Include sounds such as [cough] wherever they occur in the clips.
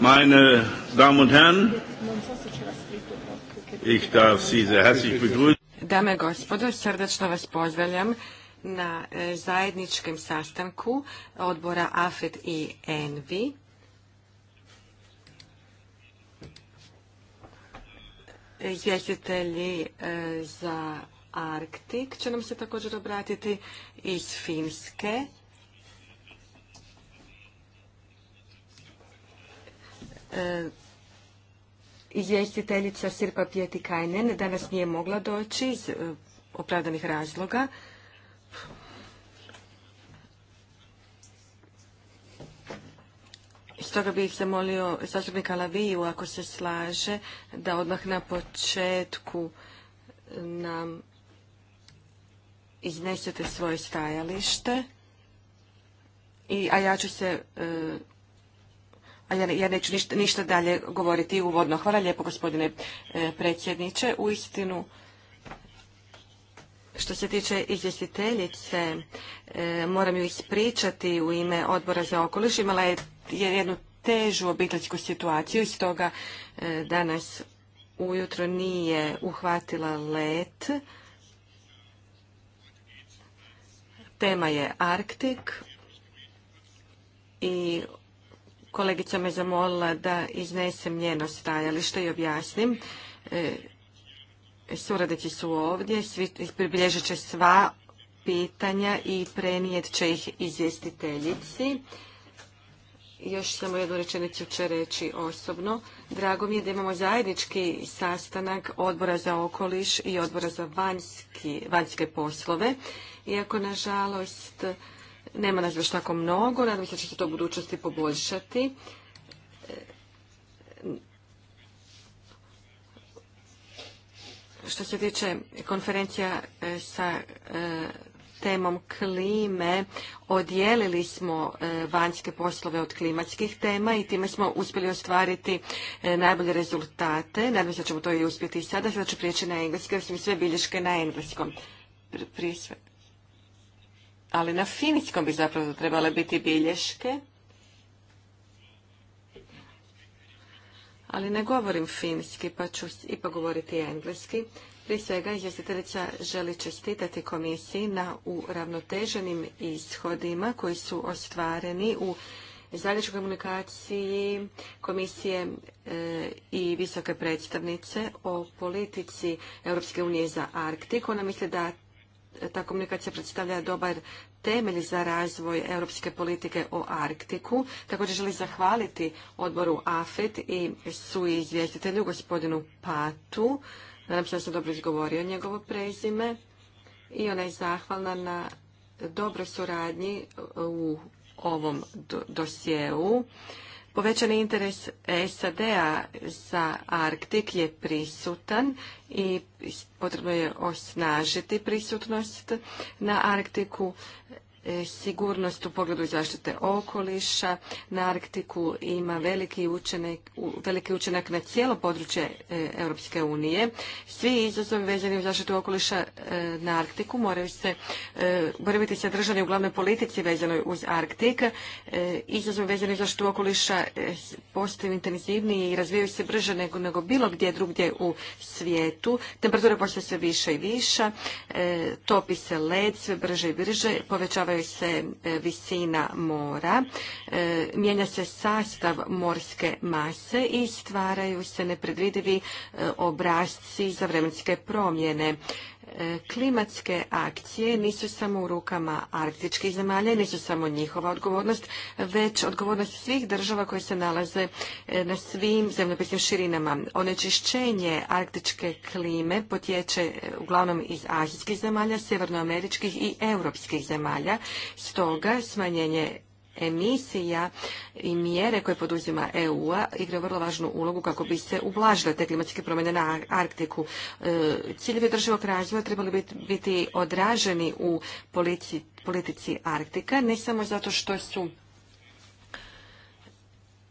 Meine Damen und Herren, ich darf Sie sehr herzlich begrüßen. Dame i gospodo, srdečno vas pozdravljam na e, zajedničkim sastanku odbora AFED i ENVI. Izvjestitelji e, za Arktik će nam se također obratiti iz Finske. E, izvjestiteljica Sirpa Pjeti Kajnen danas nije mogla doći iz e, opravdanih razloga. Stoga bih zamolio zastupnika Laviju, ako se slaže, da odmah na početku nam iznesete svoje stajalište. I, a ja ću se e, a ja, neću ništa, dalje govoriti uvodno. Hvala lijepo gospodine e, predsjedniče. U istinu, što se tiče izvjestiteljice, e, moram ju ispričati u ime odbora za okoliš. Imala je jednu težu obiteljsku situaciju, stoga e, danas ujutro nije uhvatila let. Tema je Arktik i kolegica me zamolila da iznesem njeno stajalište i objasnim. E, Suradeći su ovdje, svi pribilježit će sva pitanja i prenijet će ih izvjestiteljici. Još samo jednu rečenicu će reći osobno. Drago mi je da imamo zajednički sastanak odbora za okoliš i odbora za vanjske poslove. Iako, nažalost, nema nas još tako mnogo, nadam se da će se to u budućnosti poboljšati. Što se tiče konferencija e, sa e, temom klime odijelili smo e, vanjske poslove od klimatskih tema i time smo uspjeli ostvariti najbolje rezultate. Nadam se da ćemo to i uspjeti i sada. Sada ću prijeći na engleski, jer su mi sve bilješke na engleskom. Prije ali na finskom bi zapravo trebale biti bilješke. Ali ne govorim finski, pa ću ipak govoriti engleski. Prije svega, izvjestiteljica želi čestitati komisiji na uravnoteženim ishodima koji su ostvareni u zajedničkoj komunikaciji komisije e, i visoke predstavnice o politici Europske unije za Arktiku. Ona misli da ta komunikacija predstavlja dobar temelj za razvoj europske politike o Arktiku. Također želim zahvaliti odboru AFET i su izvjestitelju gospodinu Patu. Nadam se da sam dobro izgovorio njegovo prezime i ona je zahvalna na dobroj suradnji u ovom dosjeu. Povećani interes SAD-a za Arktik je prisutan i potrebno je osnažiti prisutnost na Arktiku. E, sigurnost u pogledu zaštite okoliša na Arktiku ima veliki učinak, na cijelo područje e, Europske unije. Svi izazovi vezani u zaštitu okoliša e, na Arktiku moraju se moraju biti sadržani u glavnoj politici vezanoj uz Arktik. Izazovi vezani u zaštitu okoliša postaju intenzivniji i razvijaju se brže nego, bilo gdje drugdje u svijetu. Temperature postaju sve više i više, topi se led sve brže i brže, povećava povećavaju se e, visina mora, e, mijenja se sastav morske mase i stvaraju se nepredvidivi e, obrasci za vremenske promjene. E, klimatske akcije nisu samo u rukama arktičkih zemalja, nisu samo njihova odgovornost, već odgovornost svih država koje se nalaze e, na svim zemljopisnim širinama. Onečišćenje arktičke klime potječe e, uglavnom iz azijskih zemalja, sjevernoameričkih i europskih zemalja. Stoga smanjenje emisija i mjere koje poduzima EU-a igraju vrlo važnu ulogu kako bi se ublažile te klimatske promjene na Arktiku. E, ciljevi održivog razvoja trebali biti odraženi u politici, politici Arktika, ne samo zato što su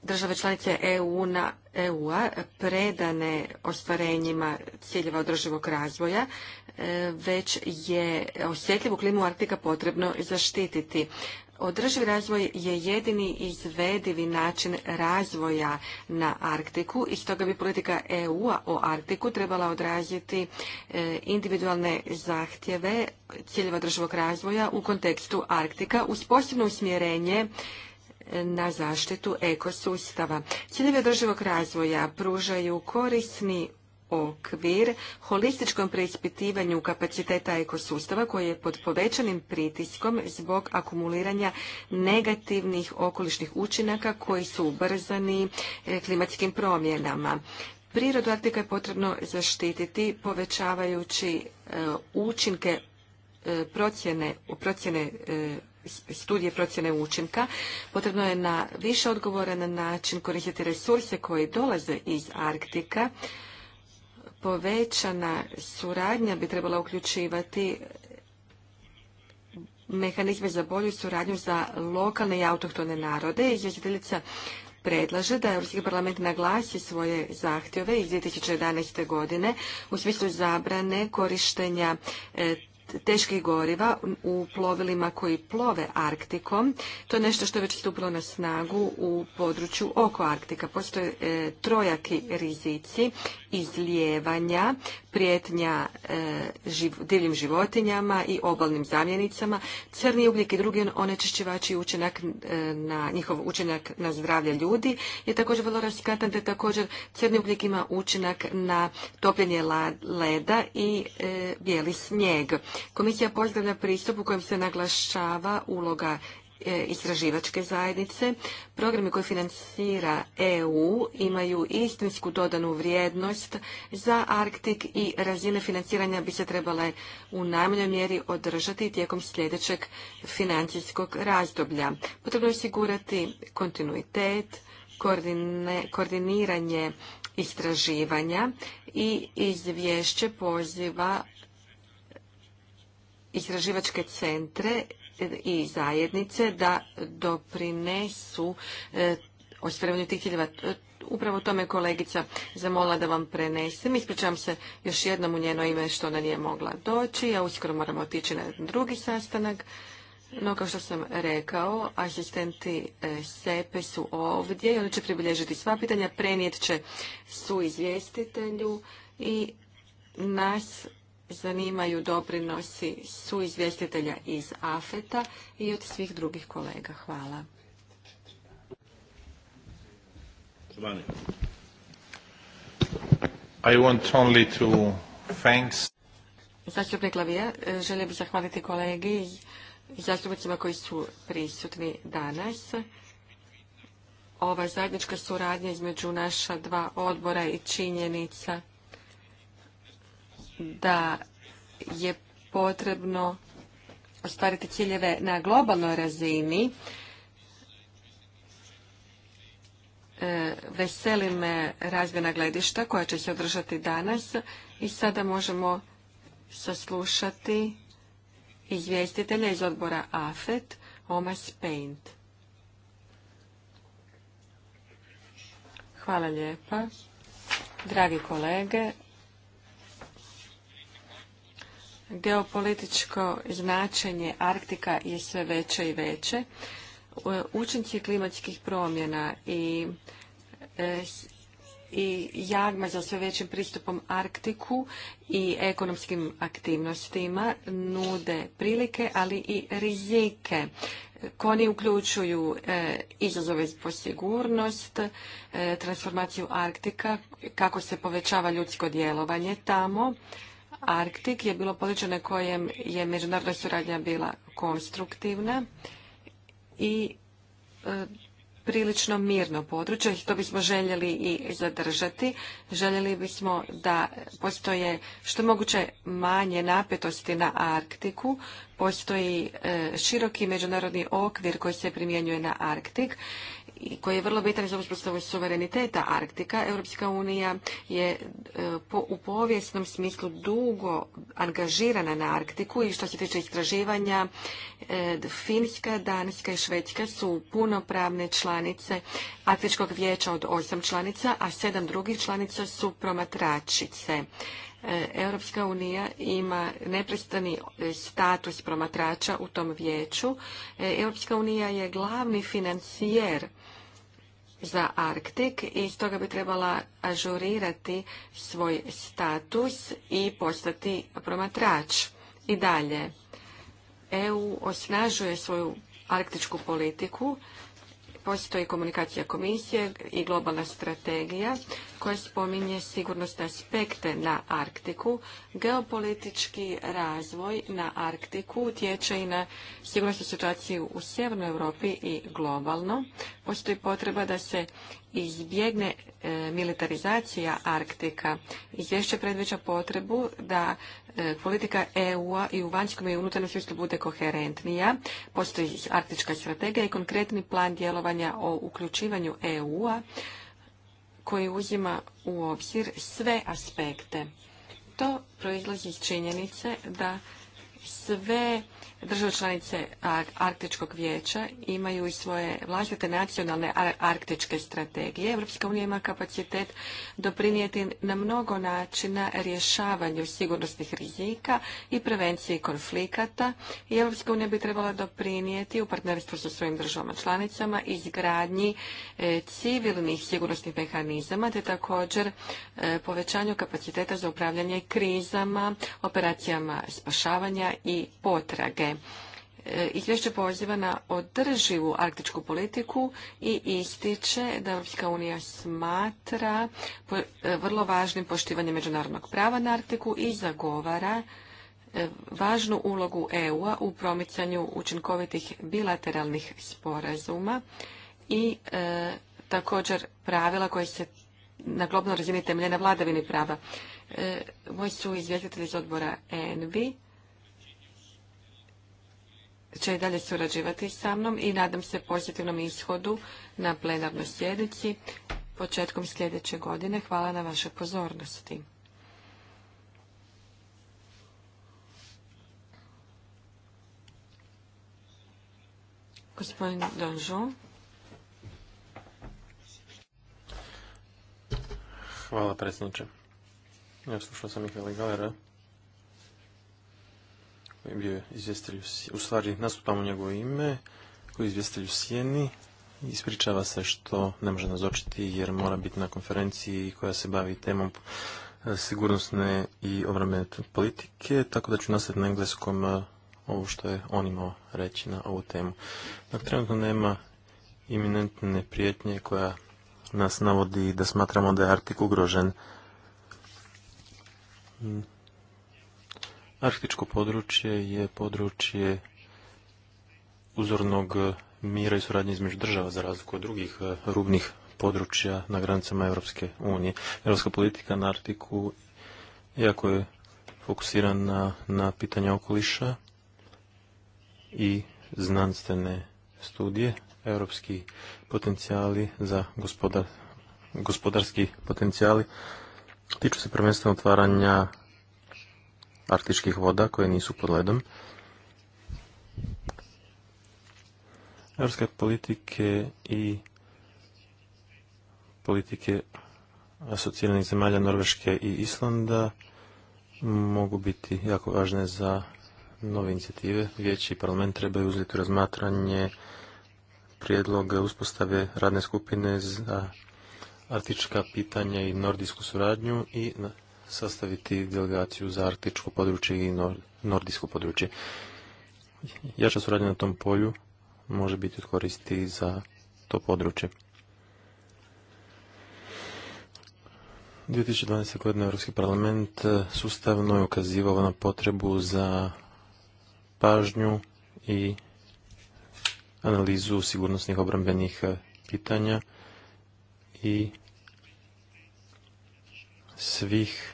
države članice EU EU-a e predane ostvarenjima ciljeva održivog razvoja, e, već je osjetljivu klimu Arktika potrebno zaštititi. Održivi razvoj je jedini izvedivi način razvoja na Arktiku i stoga bi politika EU-a o Arktiku trebala odraziti e, individualne zahtjeve ciljeva održivog razvoja u kontekstu Arktika uz posebno usmjerenje e, na zaštitu ekosustava. Ciljevi održivog razvoja pružaju korisni okvir holističkom preispitivanju kapaciteta ekosustava koji je pod povećanim pritiskom zbog akumuliranja negativnih okolišnih učinaka koji su ubrzani e, klimatskim promjenama. Prirodu Arktika je potrebno zaštititi povećavajući e, učinke e, procjene, procjene studije procjene učinka. Potrebno je na više odgovoran način koristiti resurse koji dolaze iz Arktika povećana suradnja bi trebala uključivati mehanizme za bolju suradnju za lokalne i autohtone narode. Izvjestiteljica predlaže da Europski parlament naglasi svoje zahtjeve iz 2011. godine u smislu zabrane korištenja e, teških goriva u plovilima koji plove Arktikom. To je nešto što je već stupilo na snagu u području oko Arktika. Postoje e, trojaki rizici izlijevanja, prijetnja e, divljim životinjama i obalnim zamjenicama, crni ugljik i drugi onečišćivači učinak e, na njihov učinak na zdravlje ljudi je također vrlo raskatan, te također crni ugljik ima učinak na topljenje leda i e, bijeli snijeg. Komisija pozdravlja pristup u kojem se naglašava uloga E, istraživačke zajednice. Programi koje financira EU imaju istinsku dodanu vrijednost za Arktik i razine financiranja bi se trebale u najmanjoj mjeri održati tijekom sljedećeg financijskog razdoblja. Potrebno je osigurati kontinuitet, koordiniranje istraživanja i izvješće poziva istraživačke centre i zajednice da doprinesu e, ostvarivanju tih ciljeva. E, upravo tome me kolegica zamola da vam prenesem. Ispričavam se još jednom u njeno ime što ona nije mogla doći. Ja uskoro moram otići na drugi sastanak. No, kao što sam rekao, asistenti e, SEPE su ovdje i oni će pribilježiti sva pitanja, prenijet će su izvjestitelju i nas zanimaju doprinosi su izvjestitelja iz AFETA i od svih drugih kolega. Hvala. Zastupnik Lavija, želio bih zahvaliti kolegi i zastupnicima koji su prisutni danas. Ova zajednička suradnja između naša dva odbora i činjenica da je potrebno ostvariti ciljeve na globalnoj razini. E, veseli me razmjena gledišta koja će se održati danas i sada možemo saslušati izvjestitelja iz odbora AFET, Omas Paint. Hvala lijepa. Dragi kolege, Geopolitičko značenje Arktika je sve veće i veće. Učinci klimatskih promjena i, eh, i jagma za sve većim pristupom Arktiku i ekonomskim aktivnostima nude prilike, ali i rizike. Koni uključuju eh, izazove po sigurnost, eh, transformaciju Arktika, kako se povećava ljudsko djelovanje tamo, Arktik je bilo područje na kojem je međunarodna suradnja bila konstruktivna i e, prilično mirno područje to bismo željeli i zadržati. Željeli bismo da postoje što moguće manje napetosti na Arktiku. Postoji e, široki međunarodni okvir koji se primjenjuje na Arktik koji je vrlo bitan za uspostavu suvereniteta Arktika. Europska unija je e, u povijesnom smislu dugo angažirana na Arktiku i što se tiče istraživanja, e, Finska, Danska i Švedska su punopravne članice Arktičkog vijeća od osam članica, a sedam drugih članica su promatračice. E, Europska unija ima neprestani status promatrača u tom vijeću. Europska unija je glavni financijer za Arktik i stoga bi trebala ažurirati svoj status i postati promatrač. I dalje, EU osnažuje svoju arktičku politiku Postoji komunikacija komisije i globalna strategija koja spominje sigurnosne aspekte na Arktiku. Geopolitički razvoj na Arktiku utječe i na sigurnosnu situaciju u Sjevernoj Europi i globalno. Postoji potreba da se izbjegne e, militarizacija Arktika. Izvješće predviđa potrebu da E, politika EU-a i u vanjskom i unutarnjem svijestu bude koherentnija. Postoji arktička strategija i konkretni plan djelovanja o uključivanju EU-a koji uzima u obzir sve aspekte. To proizlazi iz činjenice da sve Države članice Arktičkog vijeća imaju i svoje vlastite nacionalne arktičke strategije. Europska unija ima kapacitet doprinijeti na mnogo načina rješavanju sigurnosnih rizika i prevenciji konflikata. I Europska unija bi trebala doprinijeti u partnerstvu sa svojim državama članicama izgradnji e, civilnih sigurnosnih mehanizama te također e, povećanju kapaciteta za upravljanje krizama, operacijama spašavanja i potrage. I e, Izvješće poziva na održivu arktičku politiku i ističe da Europska unija smatra e, vrlo važnim poštivanje međunarodnog prava na Arktiku i zagovara e, važnu ulogu EU-a u promicanju učinkovitih bilateralnih sporazuma i također pravila koje se na globalnoj razini temelje na vladavini prava. moji su izvjetitelji iz odbora ENVI će i dalje surađivati sa mnom i nadam se pozitivnom ishodu na plenarnoj sjednici početkom sljedeće godine. Hvala na vašoj pozornosti. Gospodin Hvala predsjedniče. Ja slušao sam Galera koji je bio izvjestelj, u stvari nastupamo njegovo ime, koji je izvjestelj u sijeni. ispričava se što ne može nazočiti jer mora biti na konferenciji koja se bavi temom e, sigurnosne i obrambene politike, tako da ću nastaviti na engleskom e, ovo što je on imao reći na ovu temu. Dakle, trenutno nema iminentne prijetnje koja nas navodi da smatramo da je Artik ugrožen. Arktičko područje je područje uzornog mira i suradnje između država za razliku od drugih eh, rubnih područja na granicama Europske unije. Europska politika na Arktiku jako je fokusirana na pitanja okoliša i znanstvene studije, europski potencijali za gospodarski potencijali tiču se prvenstveno otvaranja arktičkih voda koje nisu pod ledom. Europske politike i politike asocijalnih zemalja Norveške i Islanda mogu biti jako važne za nove inicijative. Vijeći i parlament trebaju uzeti razmatranje prijedlog uspostave radne skupine za artička pitanja i nordijsku suradnju i sastaviti delegaciju za arktičko područje i nordijsko područje. Jača suradnja na tom polju može biti koristi za to područje. 2012. godine Europski parlament e, sustavno je ukazivao na potrebu za pažnju i analizu sigurnosnih obrambenih e, pitanja i svih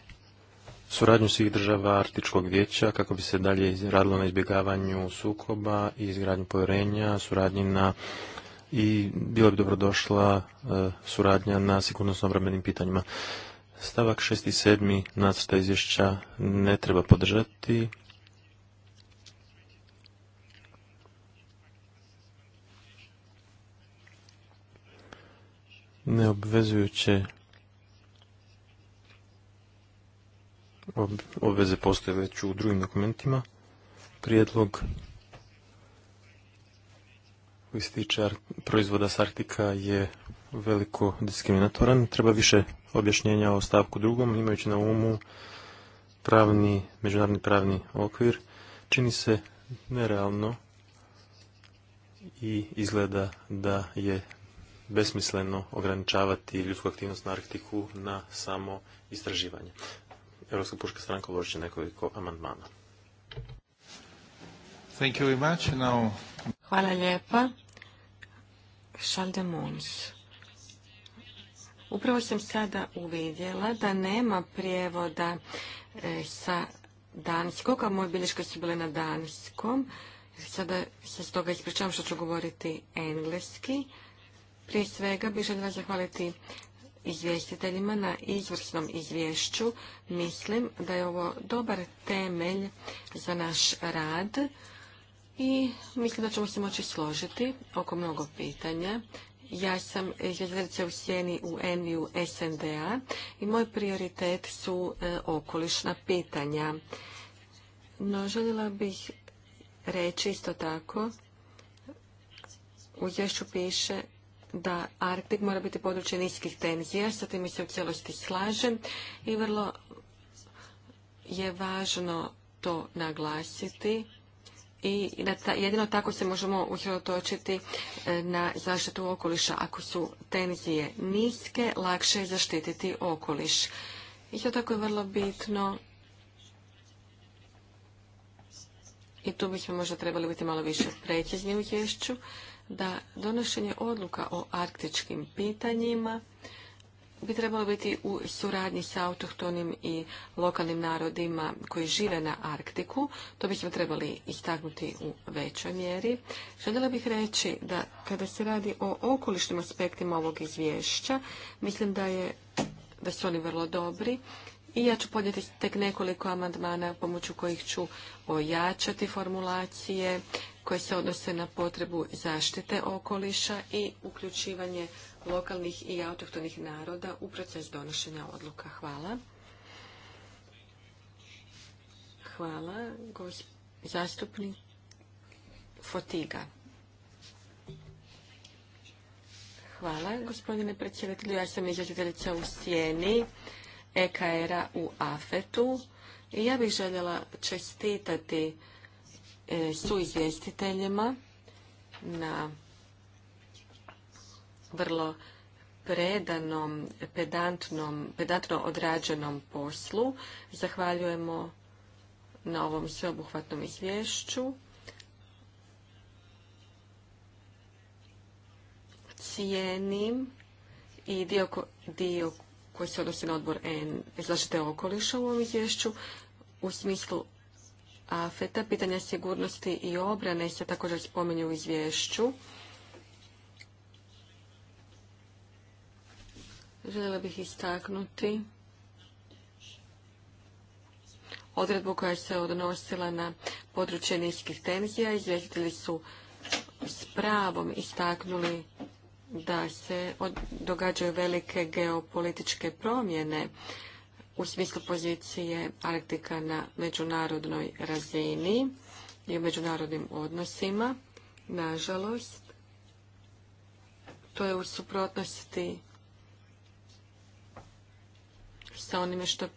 suradnju svih država Artičkog vijeća kako bi se dalje radilo na izbjegavanju sukoba i izgradnju povjerenja, suradnji na i bilo bi dobrodošla e, suradnja na sigurnosno-obrambenim pitanjima. Stavak 6. i 7. nacrta izvješća ne treba podržati. Neobvezujuće obveze postoje već u drugim dokumentima. Prijedlog koji se tiče proizvoda s Arktika je veliko diskriminatoran. Treba više objašnjenja o stavku drugom, imajući na umu pravni, međunarodni pravni okvir. Čini se nerealno i izgleda da je besmisleno ograničavati ljudsku aktivnost na Arktiku na samo istraživanje. Europska puška stranka uložit će nekoliko amandmana. Thank you very much. Now... Hvala lijepa. mons Upravo sam sada uvidjela da nema prijevoda e, sa danskog, a moje bilješke su bile na danskom. Sada se toga ispričavam što ću govoriti engleski. Prije svega bih željela zahvaliti izvjestiteljima na izvrsnom izvješću. Mislim da je ovo dobar temelj za naš rad i mislim da ćemo se moći složiti oko mnogo pitanja. Ja sam izvjestiteljica u sjeni u Enviju SNDA i moj prioritet su e, okolišna pitanja. No željela bih reći isto tako u izvješću piše da Arktik mora biti područje niskih tenzija, sa tim se u cijelosti slažem i vrlo je važno to naglasiti i jedino tako se možemo usredotočiti e, na zaštitu okoliša. Ako su tenzije niske, lakše je zaštititi okoliš. Isto tako je vrlo bitno i tu bismo možda trebali biti malo više precizni u izvješću da donošenje odluka o arktičkim pitanjima bi trebalo biti u suradnji sa autohtonim i lokalnim narodima koji žive na Arktiku. To bismo trebali istaknuti u većoj mjeri. Željela bih reći da kada se radi o okolišnim aspektima ovog izvješća, mislim da, je, da su oni vrlo dobri. I ja ću podnijeti tek nekoliko amandmana pomoću kojih ću ojačati formulacije, koje se odnose na potrebu zaštite okoliša i uključivanje lokalnih i autohtonih naroda u proces donošenja odluka. Hvala. Hvala. Zastupnik Fotiga. Hvala, gospodine predsjedatelju. Ja sam izvjetiteljica u Sjeni, EKR-a u Afetu. I ja bih željela čestitati E, su izvjestiteljima na vrlo predanom, pedantnom, pedantno odrađenom poslu. Zahvaljujemo na ovom sveobuhvatnom izvješću. Cijenim i dio, dio koji se odnosi na odbor N, zaštite okoliša u ovom izvješću, u smislu AFETA. Pitanja sigurnosti i obrane se također spominju u izvješću. Željela bih istaknuti odredbu koja se odnosila na područje niskih tenzija. Izvjestitelji su s pravom istaknuli da se događaju velike geopolitičke promjene u smislu pozicije Arktika na međunarodnoj razini i u međunarodnim odnosima. Nažalost, to je u suprotnosti sa onime što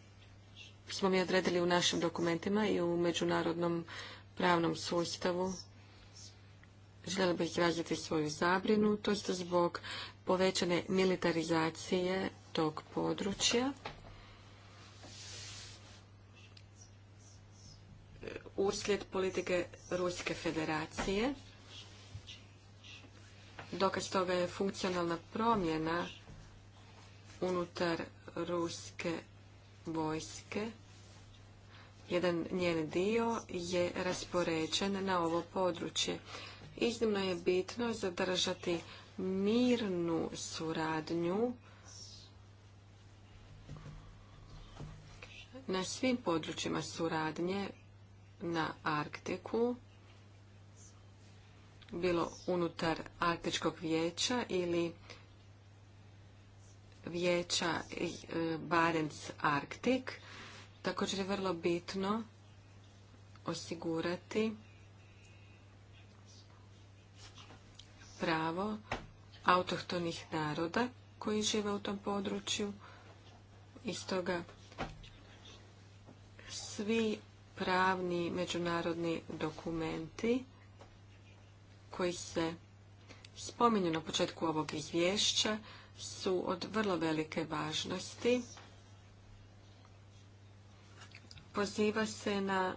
smo mi odredili u našim dokumentima i u međunarodnom pravnom sustavu. Željela bih izraziti svoju zabrinutost zbog povećane militarizacije tog područja. uslijed politike Ruske federacije. Dokaz toga je funkcionalna promjena unutar ruske vojske. Jedan njen dio je raspoređen na ovo područje. Iznimno je bitno zadržati mirnu suradnju na svim područjima suradnje na Arktiku, bilo unutar Arktičkog vijeća ili vijeća eh, Barents Arktik. Također je vrlo bitno osigurati pravo autohtonih naroda koji žive u tom području. I stoga svi pravni međunarodni dokumenti koji se spominju na početku ovog izvješća su od vrlo velike važnosti. Poziva se na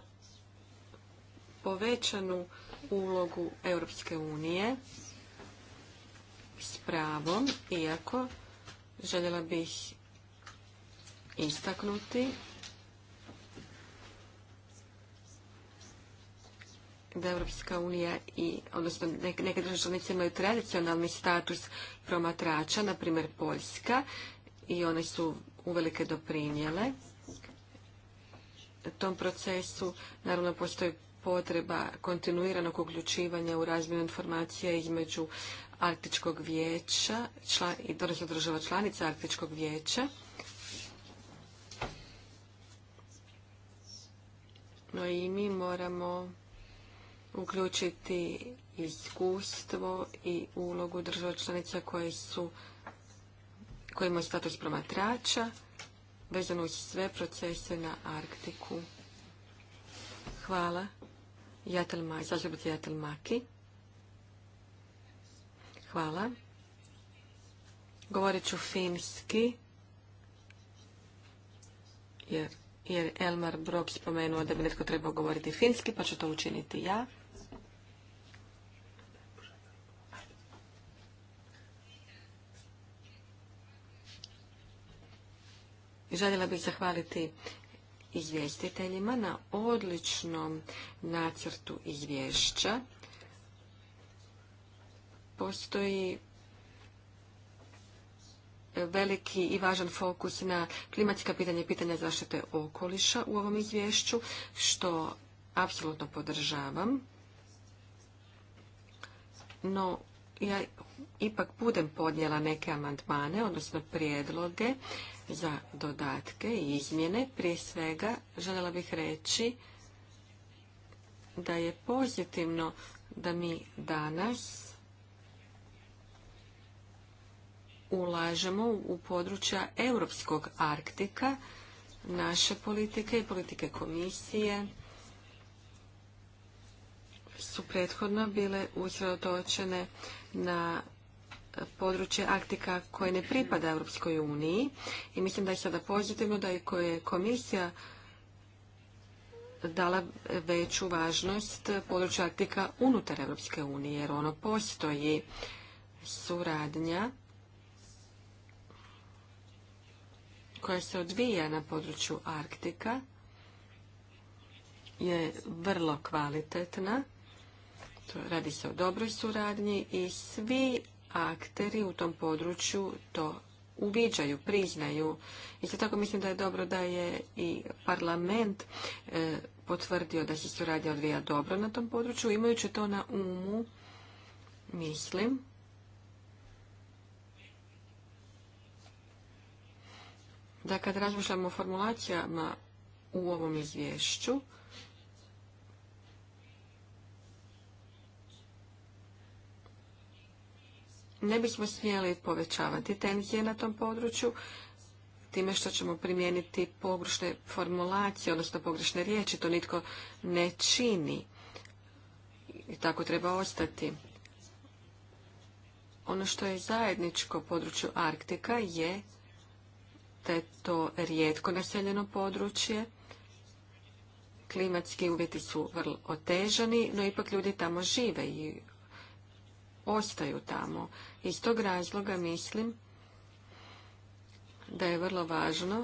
povećanu ulogu Europske unije s pravom, iako željela bih istaknuti da Europska unija i, odnosno neke države članice imaju tradicionalni status promatrača, na primjer Poljska, i one su uvelike doprinijele tom procesu. Naravno, postoji potreba kontinuiranog uključivanja u razmjenu informacija između Arktičkog vijeća i odnosno država članica Arktičkog vijeća. No i mi moramo uključiti iskustvo i ulogu država članica koje su koje imaju status promatrača vezano uz sve procese na Arktiku. Hvala. Jatel Maki, Jatel Maki. Hvala. Govorit ću finski, jer, Elmar Brok spomenuo da bi netko trebao govoriti finski, pa ću to učiniti ja. Željela bih zahvaliti izvjestiteljima na odličnom nacrtu izvješća. Postoji veliki i važan fokus na klimatska pitanja i pitanja zaštite okoliša u ovom izvješću, što apsolutno podržavam. No, ja ipak budem podnijela neke amandmane, odnosno prijedloge, za dodatke i izmjene. Prije svega željela bih reći da je pozitivno da mi danas ulažemo u područja Europskog Arktika, naše politike i politike komisije su prethodno bile usredotočene na područje Arktika koje ne pripada Europskoj uniji i mislim da je sada pozitivno da je koje komisija dala veću važnost području Arktika unutar Europske unije jer ono postoji suradnja koja se odvija na području Arktika je vrlo kvalitetna. Radi se o dobroj suradnji i svi akteri u tom području to uviđaju, priznaju. Isto tako mislim da je dobro da je i parlament e, potvrdio da se suradnja odvija dobro na tom području. Imajući to na umu, mislim, da kad razmišljamo o formulacijama u ovom izvješću, ne bismo smjeli povećavati tenzije na tom području, time što ćemo primijeniti pogrešne formulacije, odnosno pogrešne riječi, to nitko ne čini. I tako treba ostati. Ono što je zajedničko području Arktika je da je to rijetko naseljeno područje. Klimatski uvjeti su vrlo otežani, no ipak ljudi tamo žive i ostaju tamo. Iz tog razloga mislim da je vrlo važno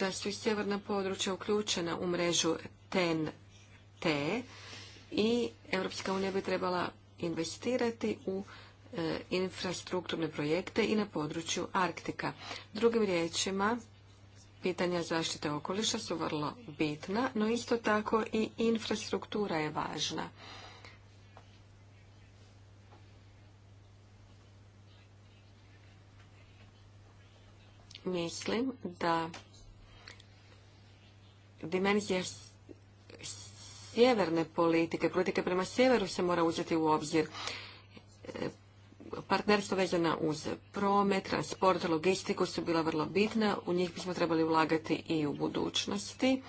da su i sjeverna područja uključena u mrežu TEN-T i Europska unija bi trebala investirati u e, infrastrukturne projekte i na području Arktika. Drugim riječima, pitanja zaštite okoliša su vrlo bitna, no isto tako i infrastruktura je važna. mislim da dimenzija sjeverne politike, politike prema sjeveru se mora uzeti u obzir. E, partnerstvo vezana uz promet, transport, logistiku su bila vrlo bitna. U njih bismo trebali ulagati i u budućnosti.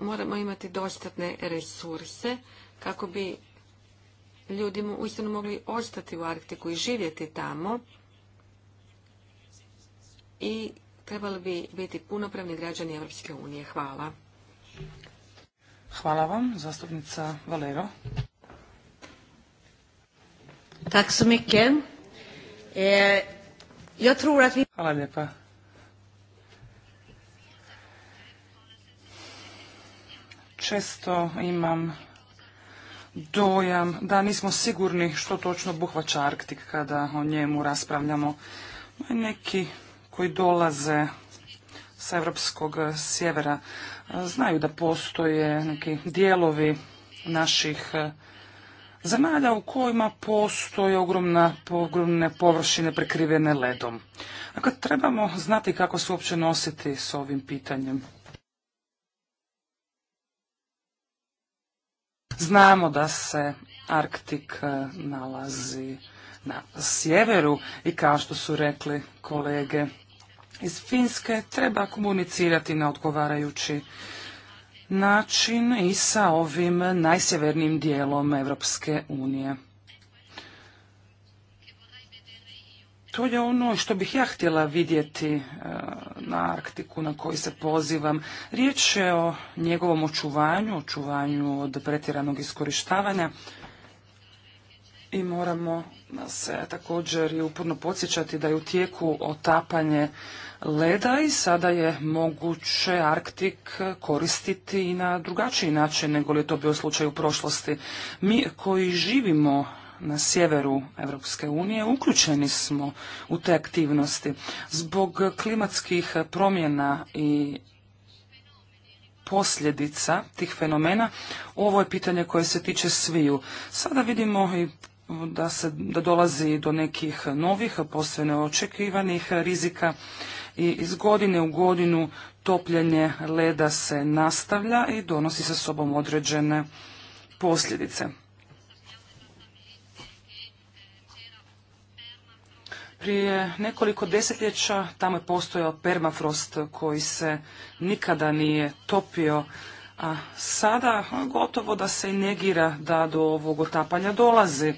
Moramo imati dostatne resurse kako bi ljudi uistinu mogli ostati u Arktiku i živjeti tamo i trebali bi biti punopravni građani Europske unije. Hvala. Hvala vam, zastupnica Valero. Tak så mycket. Eh, tror att vi... Hvala lijepa. Često imam dojam da nismo sigurni što točno buhvaća Arktik kada o njemu raspravljamo. Neki koji dolaze sa europskog sjevera znaju da postoje neki dijelovi naših eh, zemalja u kojima postoje ogromna, ogromne površine prekrivene ledom. Dakle, trebamo znati kako se uopće nositi s ovim pitanjem. Znamo da se Arktik eh, nalazi na sjeveru i kao što su rekli kolege iz Finske treba komunicirati na odgovarajući način i sa ovim najsjevernim dijelom Evropske unije. To je ono što bih ja htjela vidjeti e, na Arktiku na koji se pozivam. Riječ je o njegovom očuvanju, očuvanju od pretjeranog iskorištavanja i moramo se također i uporno podsjećati da je u tijeku otapanje leda i sada je moguće Arktik koristiti i na drugačiji način nego li je to bio slučaj u prošlosti. Mi koji živimo na sjeveru Europske unije uključeni smo u te aktivnosti. Zbog klimatskih promjena i posljedica tih fenomena, ovo je pitanje koje se tiče sviju. Sada vidimo i da, se, da dolazi do nekih novih, posve neočekivanih rizika i iz godine u godinu topljenje leda se nastavlja i donosi sa sobom određene posljedice. Prije nekoliko desetljeća tamo je postojao permafrost koji se nikada nije topio, a sada gotovo da se i negira da do ovog otapanja dolazi.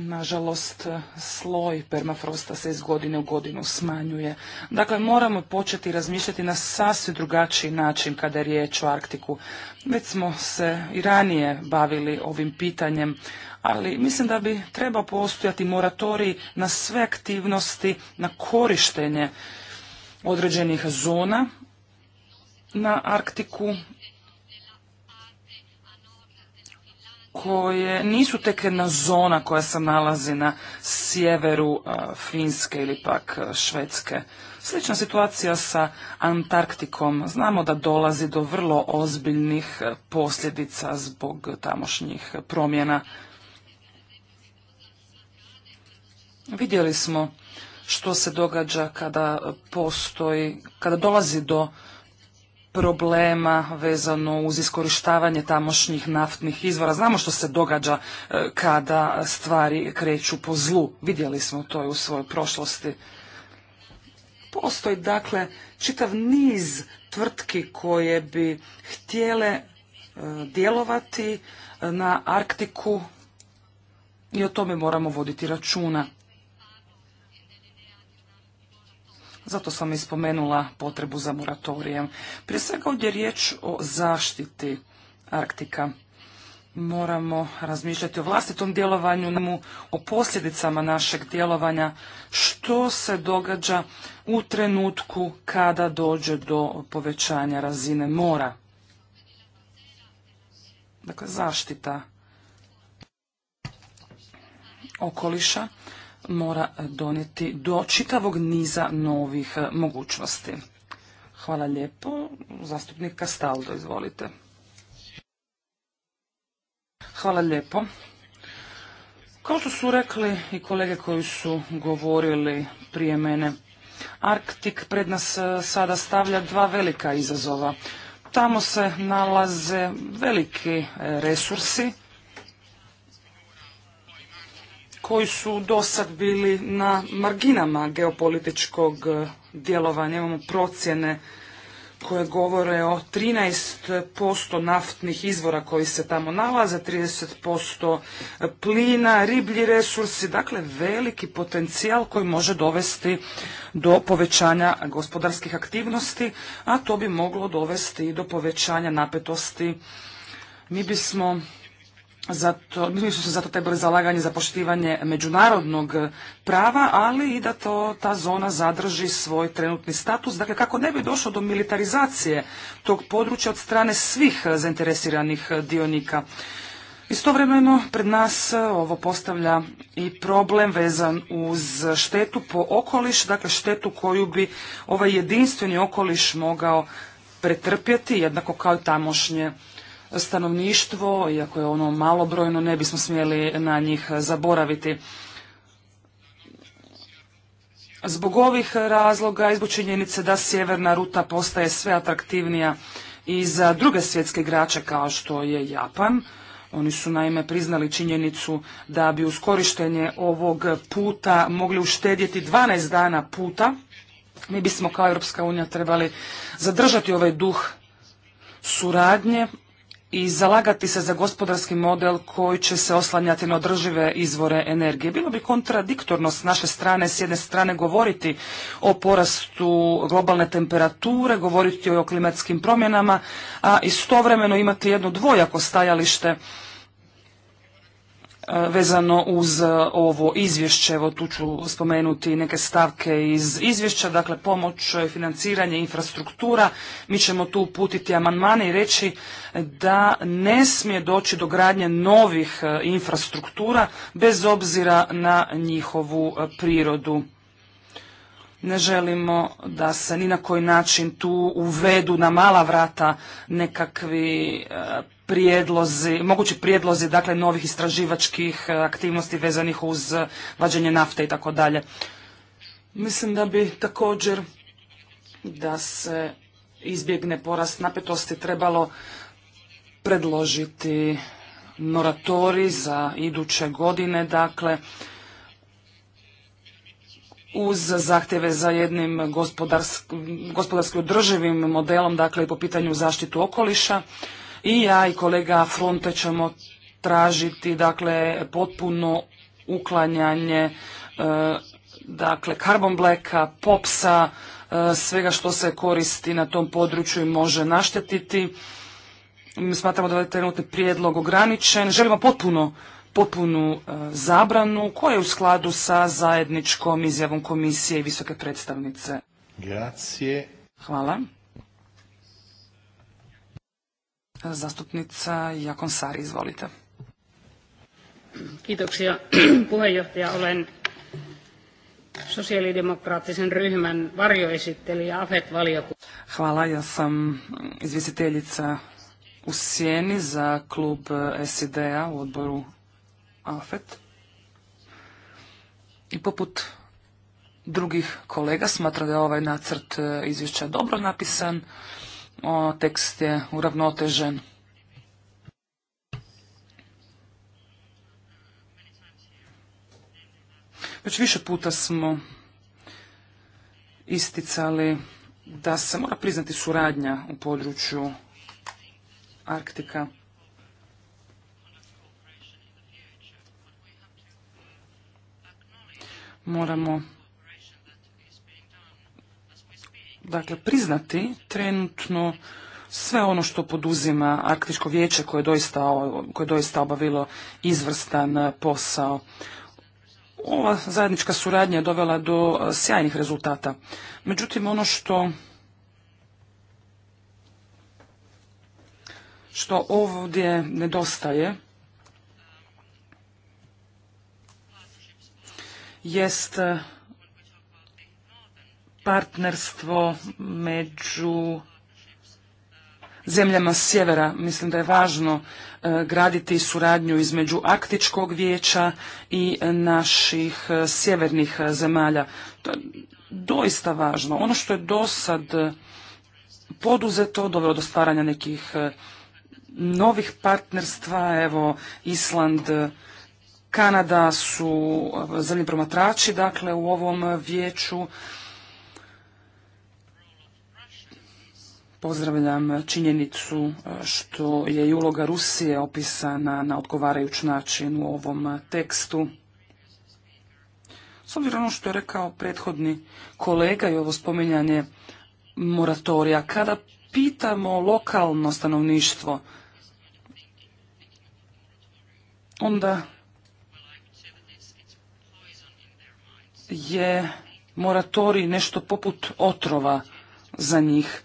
Nažalost, sloj permafrosta se iz godine u godinu smanjuje. Dakle, moramo početi razmišljati na sasvim drugačiji način kada je riječ o Arktiku. Već smo se i ranije bavili ovim pitanjem, ali mislim da bi trebao postojati moratorij na sve aktivnosti, na korištenje određenih zona na Arktiku koje nisu tek jedna zona koja se nalazi na sjeveru e, Finske ili pak e, Švedske. Slična situacija sa Antarktikom. Znamo da dolazi do vrlo ozbiljnih e, posljedica zbog tamošnjih promjena. Vidjeli smo što se događa kada postoji, kada dolazi do problema vezano uz iskorištavanje tamošnjih naftnih izvora. Znamo što se događa e, kada stvari kreću po zlu. Vidjeli smo to i u svojoj prošlosti. Postoji dakle čitav niz tvrtki koje bi htjele e, djelovati na Arktiku i o tome moramo voditi računa. Zato sam i spomenula potrebu za moratorijem. Prije svega ovdje je riječ o zaštiti Arktika. Moramo razmišljati o vlastitom djelovanju, o posljedicama našeg djelovanja, što se događa u trenutku kada dođe do povećanja razine mora. Dakle, zaštita okoliša mora donijeti do čitavog niza novih e, mogućnosti. Hvala lijepo. Zastupnik Kastaldo, izvolite. Hvala lijepo. Kao što su rekli i kolege koji su govorili prije mene, Arktik pred nas e, sada stavlja dva velika izazova. Tamo se nalaze veliki e, resursi, koji su do sad bili na marginama geopolitičkog eh, djelovanja. Imamo procjene koje govore o 13% naftnih izvora koji se tamo nalaze, 30% eh, plina, riblji resursi, dakle veliki potencijal koji može dovesti do povećanja gospodarskih aktivnosti, a to bi moglo dovesti i do povećanja napetosti. Mi bismo zato, mi su se zato trebali zalaganje za poštivanje međunarodnog prava, ali i da to, ta zona zadrži svoj trenutni status. Dakle, kako ne bi došlo do militarizacije tog područja od strane svih zainteresiranih dionika. Istovremeno pred nas ovo postavlja i problem vezan uz štetu po okoliš, dakle štetu koju bi ovaj jedinstveni okoliš mogao pretrpjeti, jednako kao i tamošnje stanovništvo, iako je ono malobrojno, ne bismo smjeli na njih zaboraviti. Zbog ovih razloga i zbog činjenice da sjeverna ruta postaje sve atraktivnija i za druge svjetske igrače kao što je Japan, oni su naime priznali činjenicu da bi uz korištenje ovog puta mogli uštedjeti 12 dana puta. Mi bismo kao Europska unija trebali zadržati ovaj duh suradnje i zalagati se za gospodarski model koji će se oslanjati na održive izvore energije. Bilo bi kontradiktorno s naše strane, s jedne strane govoriti o porastu globalne temperature, govoriti o klimatskim promjenama, a istovremeno imati jedno dvojako stajalište E, vezano uz e, ovo izvješće. Evo tu ću spomenuti neke stavke iz izvješća, dakle pomoć, e, financiranje, infrastruktura. Mi ćemo tu uputiti amandmane i reći da ne smije doći do gradnje novih infrastruktura bez obzira na njihovu prirodu. Ne želimo da se ni na koji način tu uvedu na mala vrata nekakvi prijedlozi, mogući prijedlozi dakle novih istraživačkih e, aktivnosti vezanih uz e, vađenje nafte i tako dalje. Mislim da bi također da se izbjegne porast napetosti trebalo predložiti moratori za iduće godine, dakle uz zahtjeve za jednim gospodarski, održivim modelom, dakle i po pitanju zaštitu okoliša. I ja i kolega Fronte ćemo tražiti dakle potpuno uklanjanje e, dakle carbon blacka, popsa, e, svega što se koristi na tom području i može naštetiti. Mi smatramo da je ovaj trenutni prijedlog ograničen. Želimo potpuno potpunu e, zabranu koja je u skladu sa zajedničkom izjavom komisije i visoke predstavnice. Grazie. Hvala. Zastupnica Jakonsari, izvolite. Kiitoksia [clears throat] puheenjohtaja. Olen sosiaalidemokraattisen ryhmän varjoesittelijä AFET-valiokunta. Hvala, ja sam izvjestiteljica u sjeni za klub SID-a u odboru AFET. I poput drugih kolega smatra da je ovaj nacrt e, izvješća dobro napisan o, tekst je uravnotežen. Već više puta smo isticali da se mora priznati suradnja u području Arktika. Moramo dakle priznati trenutno sve ono što poduzima Arktičko vijeće koje je doista, koje doista obavilo izvrstan e, posao. Ova zajednička suradnja je dovela do e, sjajnih rezultata. Međutim, ono što što ovdje nedostaje jest e, partnerstvo među zemljama sjevera. Mislim da je važno e, graditi suradnju između aktičkog vijeća i naših e, sjevernih e, zemalja. To je doista važno. Ono što je do sad poduzeto, dobro do stvaranja nekih novih partnerstva, evo Island, Kanada su zemlji promatrači, dakle u ovom vijeću Pozdravljam činjenicu e, što je i uloga Rusije opisana na odgovarajuć način u ovom tekstu. S obzirom ono što je rekao prethodni kolega i ovo spominjanje moratorija, kada pitamo lokalno stanovništvo, onda je moratorij nešto poput otrova za njih.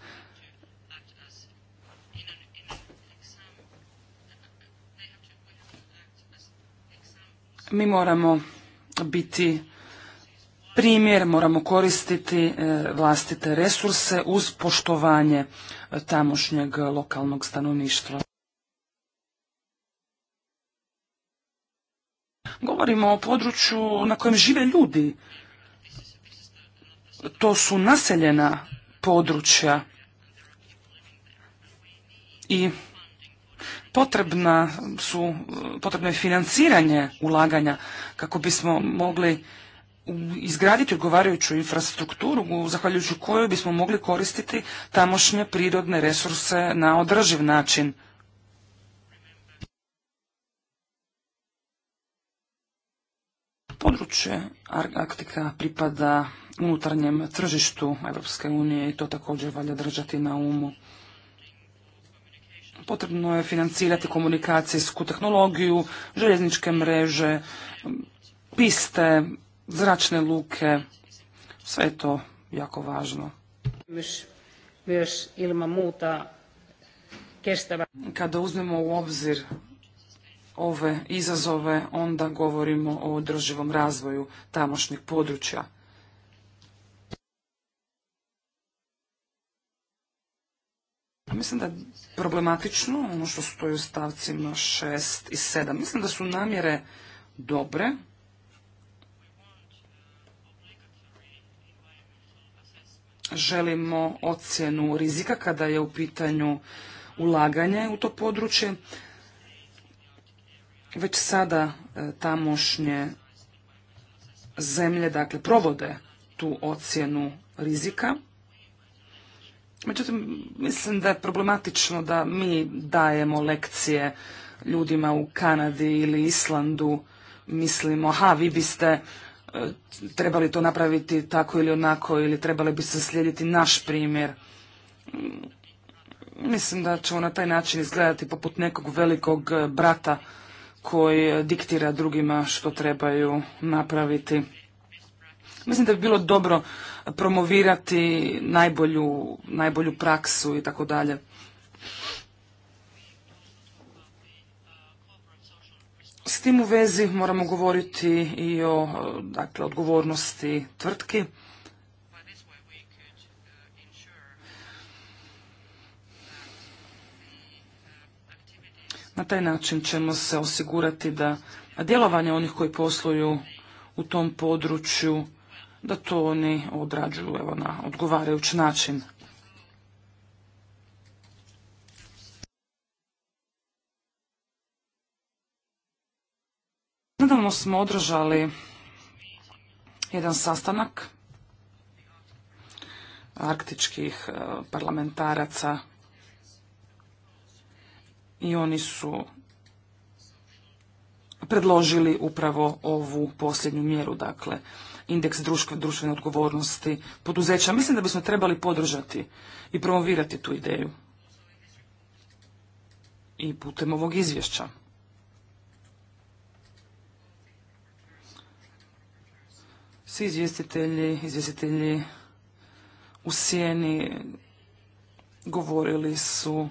Mi moramo biti primjer, moramo koristiti e, vlastite resurse uz poštovanje e, tamošnjeg lokalnog stanovništva. Govorimo o području na kojem žive ljudi. To su naseljena područja i potrebna su, potrebno je financiranje ulaganja kako bismo mogli izgraditi odgovarajuću infrastrukturu zahvaljujući koju bismo mogli koristiti tamošnje prirodne resurse na održiv način. Područje Arktika pripada unutarnjem tržištu Europske unije i to također valja držati na umu. Potrebno je financirati komunikacijsku tehnologiju, željezničke mreže, piste, zračne luke. Sve je to jako važno. Kada uzmemo u obzir ove izazove, onda govorimo o održivom razvoju tamošnjih područja. Mislim da je problematično ono što stoji u stavcima 6 i 7. Mislim da su namjere dobre. Želimo ocjenu rizika kada je u pitanju ulaganje u to područje. Već sada e, tamošnje zemlje dakle, provode tu ocjenu rizika. Međutim, mislim da je problematično da mi dajemo lekcije ljudima u Kanadi ili Islandu. Mislimo, ha, vi biste e, trebali to napraviti tako ili onako ili trebali bi se slijediti naš primjer. Mm, mislim da ćemo na taj način izgledati poput nekog velikog e, brata koji e, diktira drugima što trebaju napraviti. Mislim da bi bilo dobro promovirati najbolju, najbolju praksu i tako dalje. S tim u vezi moramo govoriti i o dakle, odgovornosti tvrtki. Na taj način ćemo se osigurati da djelovanje onih koji posluju u tom području da to oni odrađuju evo, na odgovarajući način. Nedavno smo održali jedan sastanak arktičkih e, parlamentaraca i oni su predložili upravo ovu posljednju mjeru, dakle indeks društvene odgovornosti poduzeća. Mislim da bismo trebali podržati i promovirati tu ideju i putem ovog izvješća. Svi izvjestitelji, izvjestitelji u sjeni govorili su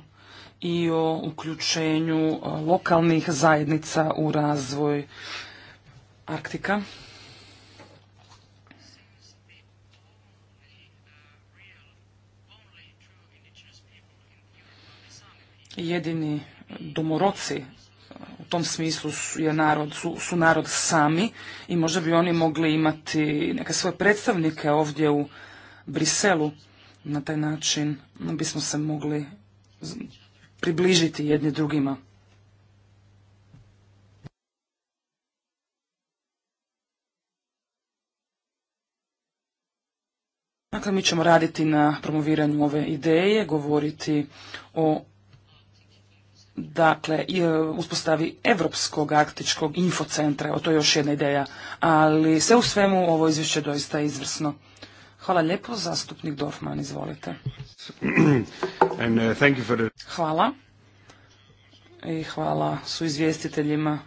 i o uključenju lokalnih zajednica u razvoj Arktika. jedini domoroci e, u tom smislu su, je narod, su, su narod sami i možda bi oni mogli imati neke svoje predstavnike ovdje u Briselu. Na taj način bismo se mogli približiti jedni drugima. Dakle, mi ćemo raditi na promoviranju ove ideje, govoriti o dakle, e, uspostavi Evropskog arktičkog infocentra, o to je još jedna ideja, ali sve u svemu ovo izvješće doista izvrsno. Hvala lijepo, zastupnik Dorfman, izvolite. [clears throat] Uh, hvala. I hvala su izvjestiteljima.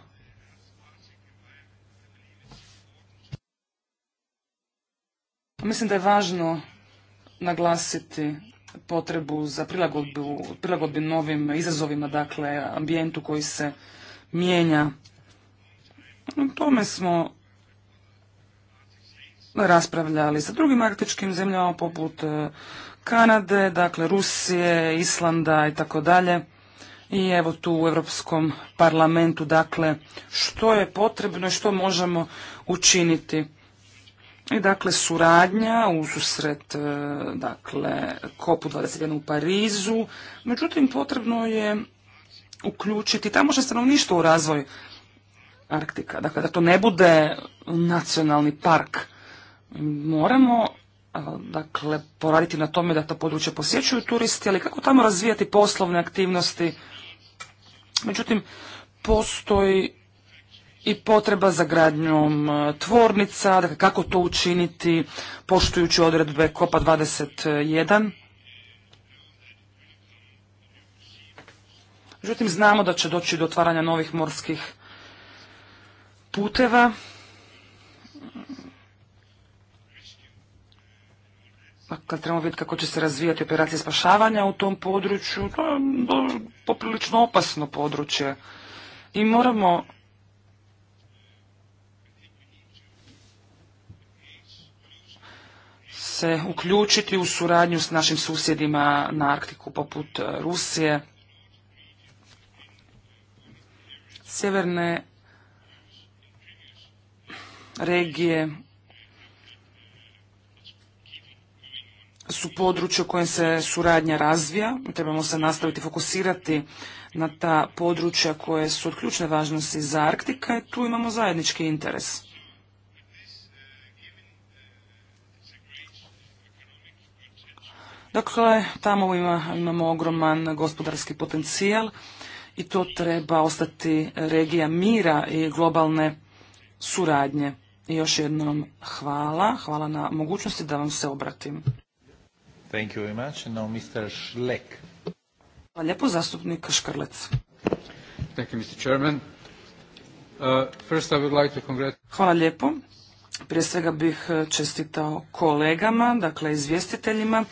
Mislim da je važno naglasiti potrebu za prilagodbu, prilagodbi novim izazovima, dakle ambijentu koji se mijenja. U tome smo raspravljali sa drugim arktičkim zemljama poput e, Kanade, dakle Rusije, Islanda i tako dalje. I evo tu u Europskom parlamentu, dakle, što je potrebno i što možemo učiniti. I dakle, suradnja ususret e, dakle, kopu 21 u Parizu. Međutim, potrebno je uključiti je stanovništvo u razvoj Arktika. Dakle, da to ne bude nacionalni park. Moramo e, dakle, poraditi na tome da to područje posjećuju turisti, ali kako tamo razvijati poslovne aktivnosti. Međutim, postoji i potreba za gradnjom e, tvornica, dakle kako to učiniti poštujući odredbe Kopa 21. Međutim, znamo da će doći do otvaranja novih morskih puteva. Dakle, trebamo vidjeti kako će se razvijati operacije spašavanja u tom području. To je poprilično opasno područje. I moramo se uključiti u suradnju s našim susjedima na Arktiku poput e, Rusije, sjeverne regije su područje u kojem se suradnja razvija. Trebamo se nastaviti fokusirati na ta područja koje su od ključne važnosti za Arktika i tu imamo zajednički interes. Dakle, tamo ima, imamo ogroman gospodarski potencijal i to treba ostati regija mira i globalne suradnje. I još jednom hvala, hvala na mogućnosti da vam se obratim. Thank you very much. Mr. Schleck. Hvala lijepo, zastupnik Škrlec. Thank you, Mr. Chairman. Uh, first I would like to congratulate... Hvala lijepo. Prije svega bih e, čestitao kolegama, dakle izvjestiteljima,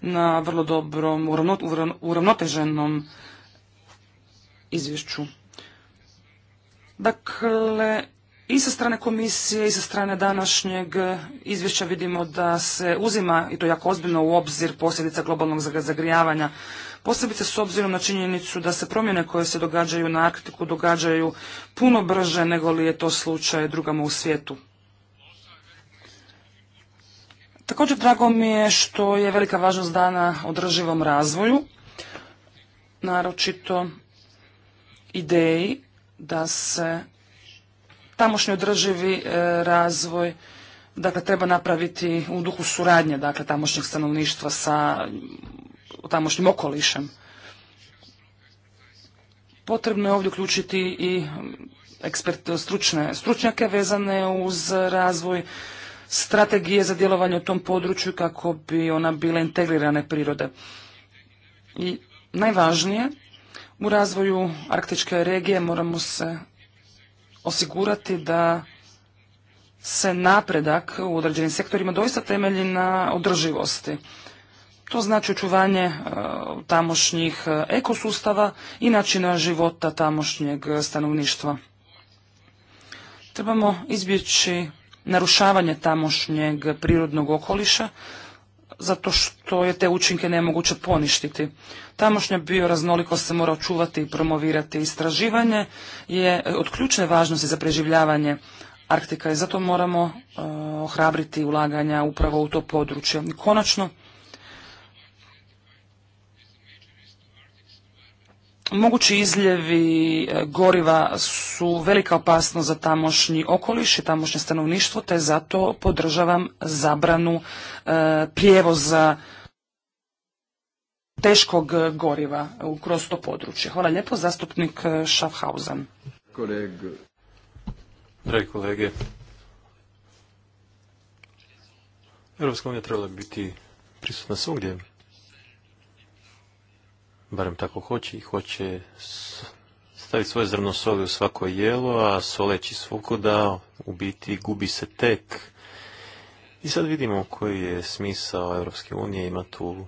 na vrlo dobrom, uravnoteženom izvješću. Dakle, i sa strane komisije i sa strane današnjeg izvješća vidimo da se uzima, i to jako ozbiljno u obzir, posljedica globalnog zagrijavanja, posebice s obzirom na činjenicu da se promjene koje se događaju na Arktiku događaju puno brže nego li je to slučaj drugama u svijetu. Također drago mi je što je velika važnost dana održivom razvoju, naročito ideji da se tamošnji održivi e, razvoj dakle treba napraviti u duhu suradnje dakle tamošnjeg stanovništva sa tamošnjim okolišem. Potrebno je ovdje uključiti i ekspert, stručne, stručnjake vezane uz razvoj strategije za djelovanje u tom području kako bi ona bila integrirane prirode. I najvažnije, u razvoju arktičke regije moramo se osigurati da se napredak u određenim sektorima doista temelji na održivosti. To znači očuvanje e, tamošnjih e, ekosustava i načina života tamošnjeg stanovništva. Trebamo izbjeći narušavanje tamošnjeg prirodnog okoliša, zato što je te učinke nemoguće poništiti. Tamošnja bioraznolikost se mora očuvati i promovirati. Istraživanje je od ključne važnosti za preživljavanje Arktika i zato moramo e, ohrabriti ulaganja upravo u to područje. Konačno, Mogući izljevi e, goriva su velika opasnost za tamošnji okoliš i tamošnje stanovništvo, te zato podržavam zabranu e, prijevoza teškog goriva kroz to područje. Hvala lijepo, zastupnik e, Schaffhausen. Dragi kolege, Europska unija trebala biti prisutna svugdje barem tako hoće i hoće staviti svoje zrno soli u svako jelo, a soleći svuku da u biti gubi se tek. I sad vidimo koji je smisao Europske unije, ima tu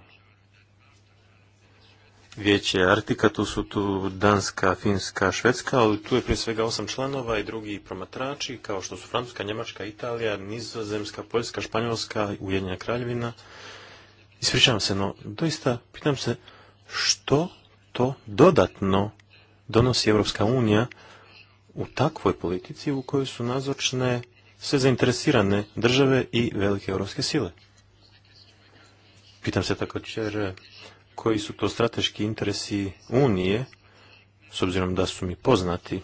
Vijeće Artika, tu su tu Danska, Finska, Švedska, ali tu je prije svega osam članova i drugi promatrači, kao što su Francuska, Njemačka, Italija, Nizozemska, Poljska, Španjolska, Ujedinjena Kraljevina. Ispričavam se, no doista pitam se što to dodatno donosi Europska unija u takvoj politici u kojoj su nazočne sve zainteresirane države i velike europske sile. Pitam se također koji su to strateški interesi Unije, s obzirom da su mi poznati.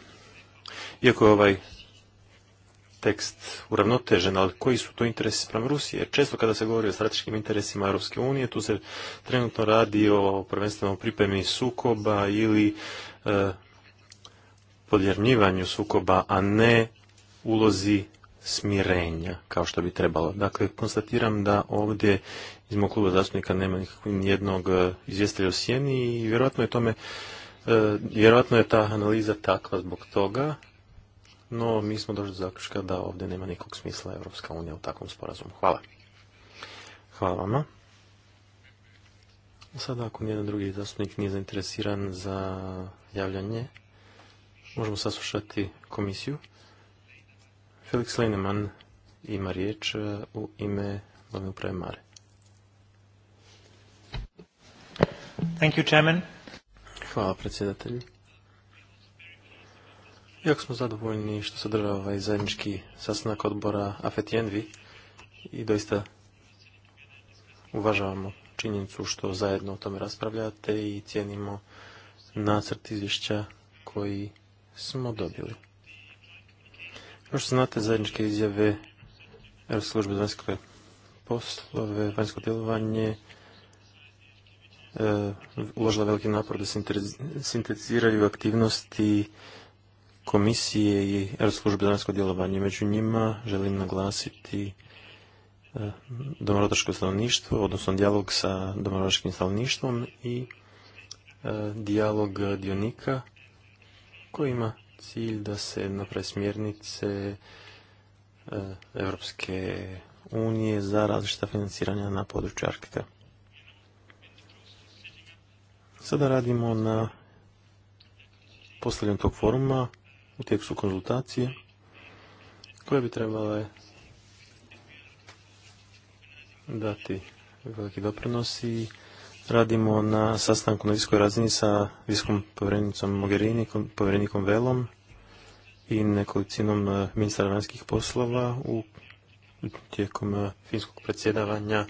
Iako je ovaj tekst uravnotežen, ali koji su to interesi sprem Rusije? Često kada se govori o strateškim interesima Europske unije, tu se trenutno radi o prvenstveno pripremi sukoba ili e, podjernjivanju sukoba, a ne ulozi smirenja, kao što bi trebalo. Dakle, konstatiram da ovdje iz mog kluba zastupnika nema nijednog e, izvjestelja o sjeni i vjerojatno je tome, e, vjerojatno je ta analiza takva zbog toga, no mi smo došli do zaključka da ovdje nema nikog smisla Europska unija u takvom sporazumu. Hvala. Hvala vama. Sada ako nijedan drugi zastupnik nije zainteresiran za javljanje, možemo saslušati komisiju. Felix Leinemann ima riječ e, u ime glavne uprave Mare. Hvala predsjedatelju. Jako smo zadovoljni što se održava ovaj zajednički sastanak odbora AFET i doista uvažavamo činjenicu što zajedno o tome raspravljate i cijenimo nacrt izvješća koji smo dobili. Kao što znate, zajedničke izjave službe za vanjske poslove, vanjsko djelovanje, e, uložila veliki napor da sintetiziraju aktivnosti komisije i službe za vanjsko djelovanje. Među njima želim naglasiti e, domorodačko stanovništvo, odnosno dijalog sa domorodačkim stanovništvom i e, dijalog dionika koji ima cilj da se naprave smjernice e, Europske unije za različita financiranja na području Arktika. Sada radimo na postavljanju tog foruma u tijeku su konzultacije koje bi trebale dati veliki doprinos i radimo na sastanku na viskoj razini sa viskom povjerenicom Mogherini, povjerenikom Velom i nekolicinom eh, ministra vanjskih poslova u tijekom eh, finskog predsjedavanja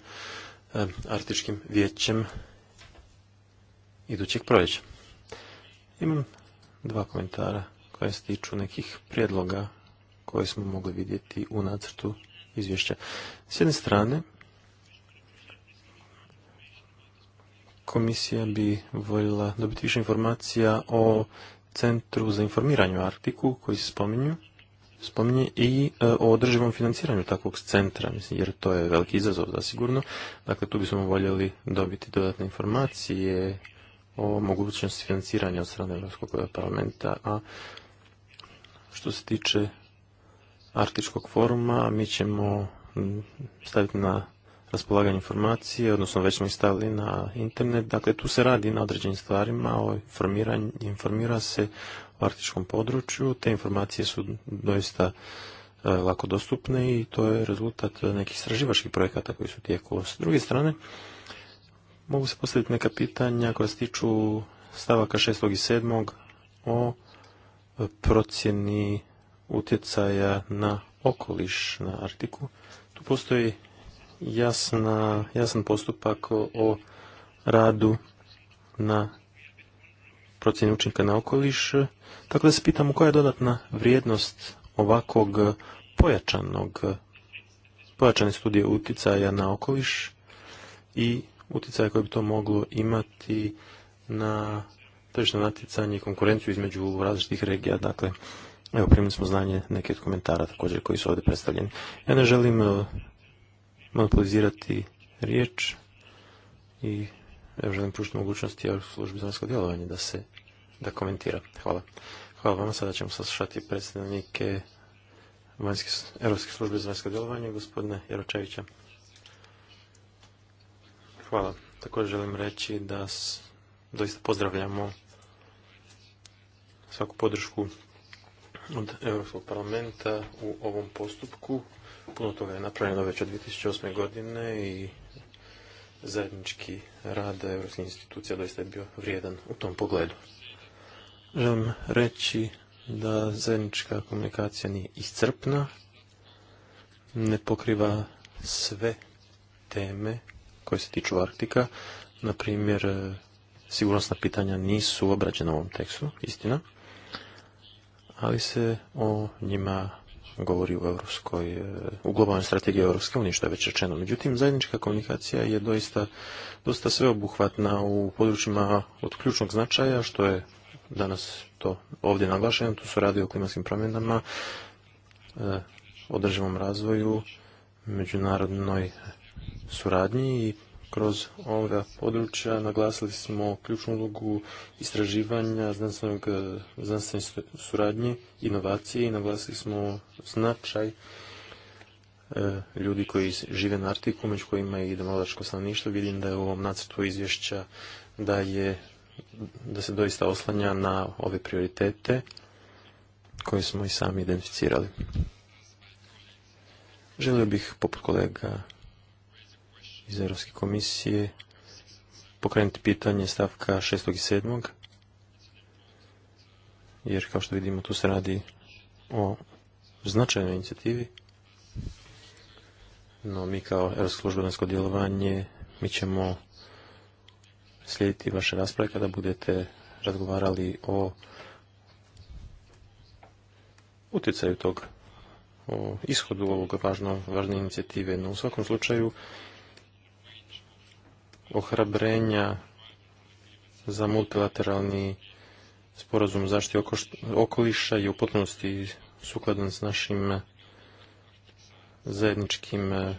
eh, Artičkim vijećem idućeg proljeća. Imam dva komentara koje se tiču nekih prijedloga koje smo mogli vidjeti u nacrtu izvješća. S jedne strane, komisija bi voljela dobiti više informacija o Centru za informiranje u Arktiku koji se spominju spominje i e, o održivom financiranju takvog centra, mislim, jer to je veliki izazov sigurno. Dakle, tu bismo voljeli dobiti dodatne informacije o mogućnosti financiranja od strane Europskog parlamenta, a što se tiče Arktičkog foruma, mi ćemo staviti na raspolaganje informacije, odnosno već smo ih stavili na internet. Dakle, tu se radi na određenim stvarima, o informira se u arktičkom području, te informacije su doista e, lako dostupne i to je rezultat nekih istraživačkih projekata koji su tijeku. S druge strane, mogu se postaviti neka pitanja koja se tiču stavaka 6. i 7. o procjeni utjecaja na okoliš na Arktiku. Tu postoji jasna, jasan postupak o, radu na procjeni učinka na okoliš. Tako dakle, da se pitamo koja je dodatna vrijednost ovakvog pojačanog, pojačane studije utjecaja na okoliš i utjecaja koje bi to moglo imati na tržišno natjecanje i konkurenciju između različitih regija. Dakle, evo primili smo znanje neke od komentara također koji su ovdje predstavljeni. Ja ne želim e, monopolizirati riječ i evo želim pružiti mogućnosti i službi za djelovanje da se da komentira. Hvala. Hvala vam. Sada ćemo saslušati predstavnike Europske službe za vanjsko djelovanje, gospodina Jeročevića. Hvala. Također želim reći da doista pozdravljamo svaku podršku od Europskog parlamenta u ovom postupku. Puno toga je napravljeno već od 2008. godine i zajednički rad Europskih institucija doista je bio vrijedan u tom pogledu. Želim reći da zajednička komunikacija nije iscrpna, ne pokriva sve teme koje se tiču Arktika. Na primjer, sigurnosna pitanja nisu obrađena u ovom tekstu, istina ali se o njima govori u europskoj, e, u globalnoj strategiji Europske unije, što je već rečeno. Međutim, zajednička komunikacija je doista dosta sveobuhvatna u područjima od ključnog značaja, što je danas to ovdje naglašeno, tu se radi o klimatskim promjenama, e, održivom razvoju, međunarodnoj suradnji i kroz ovoga područja naglasili smo ključnu ulogu istraživanja e, znanstvene suradnje, inovacije i naglasili smo značaj e, ljudi koji žive na Artiku, među kojima je i domalačko stanovništvo. Vidim da je u ovom nacrtu izvješća da, je, da se doista oslanja na ove prioritete koje smo i sami identificirali. Želio bih, poput kolega iz Europske komisije pokrenuti pitanje stavka 6. i 7. Jer kao što vidimo tu se radi o značajnoj inicijativi. No mi kao Europsko službenosko djelovanje mi ćemo slijediti vaše rasprave kada budete razgovarali o utjecaju tog o ishodu ovog važne inicijative. No u svakom slučaju ohrabrenja za multilateralni sporazum zaštiti okoliša i u potpunosti sukladan s našim eh, zajedničkim eh,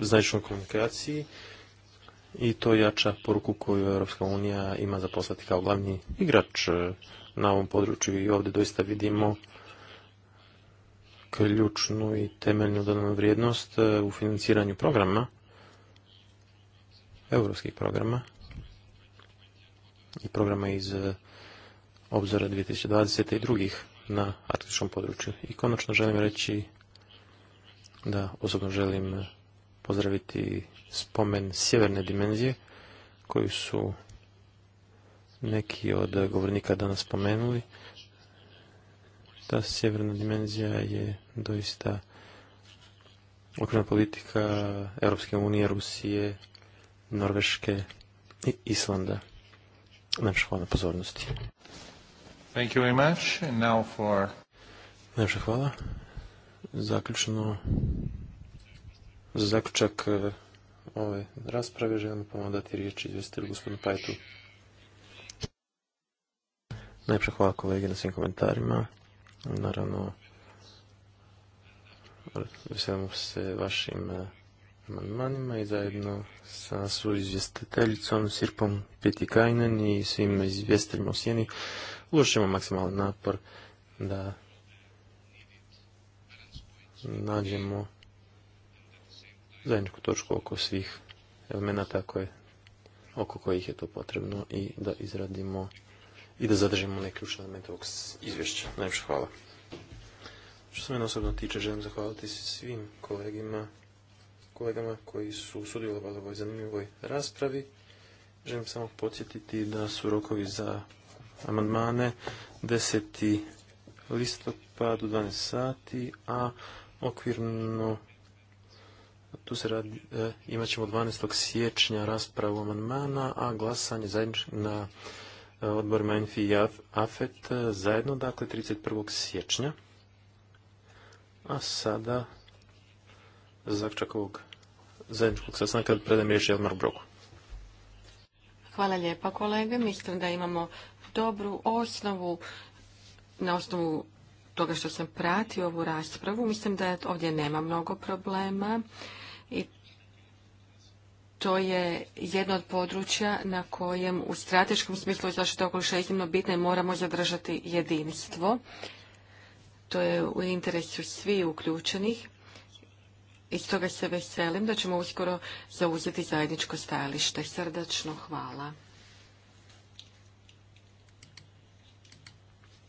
zajedničkom komunikaciji i to jača poruku koju Europska unija ima za poslati kao glavni igrač eh, na ovom području i ovdje doista vidimo ključnu i temeljnu dodanu vrijednost u financiranju programa europskih programa i programa iz eh, obzora 2020. i drugih na arktičkom području. I konačno želim reći da osobno želim pozdraviti spomen sjeverne dimenzije koju su neki od govornika danas spomenuli. Ta sjeverna dimenzija je doista okrena politika Europske unije, Rusije, Norveške i Islanda. Najpša hvala na pozornosti. Thank you very hvala. Zaključno, za zaključak e, ove rasprave želim ponovno dati riječ izvjestitelju gospodinu Pajtu. Najpša hvala kolege na svim komentarima. Naravno, veselimo se vašim e, amandmanima i zajedno sa izvjestiteljicom Sirpom Petikajnen i svim izvjestiteljima u Sjeni uložimo maksimalan napor da nađemo zajedničku točku oko svih elemenata koje, oko kojih je to potrebno i da izradimo i da zadržimo neke ključne elemente ovog izvješća. Najviše hvala. Što se mene osobno tiče, želim zahvaliti svim kolegima kolegama koji su sudjelovali u ovoj zanimljivoj raspravi. Želim samo podsjetiti da su rokovi za amandmane 10. listopad u 12 sati, a okvirno tu se radi, e, imat ćemo 12. siječnja raspravu amandmana, a glasanje na odbor e, odborima i AFET zajedno, dakle 31. siječnja. A sada zaključak ovog zajedničkog sastanka Broku. Hvala lijepa kolege. Mislim da imamo dobru osnovu na osnovu toga što sam pratio ovu raspravu. Mislim da ovdje nema mnogo problema i to je jedno od područja na kojem u strateškom smislu zaštite okoliša iznimno bitno i moramo zadržati jedinstvo. To je u interesu svih uključenih i stoga se veselim da ćemo uskoro zauzeti zajedničko stajalište. Srdačno hvala.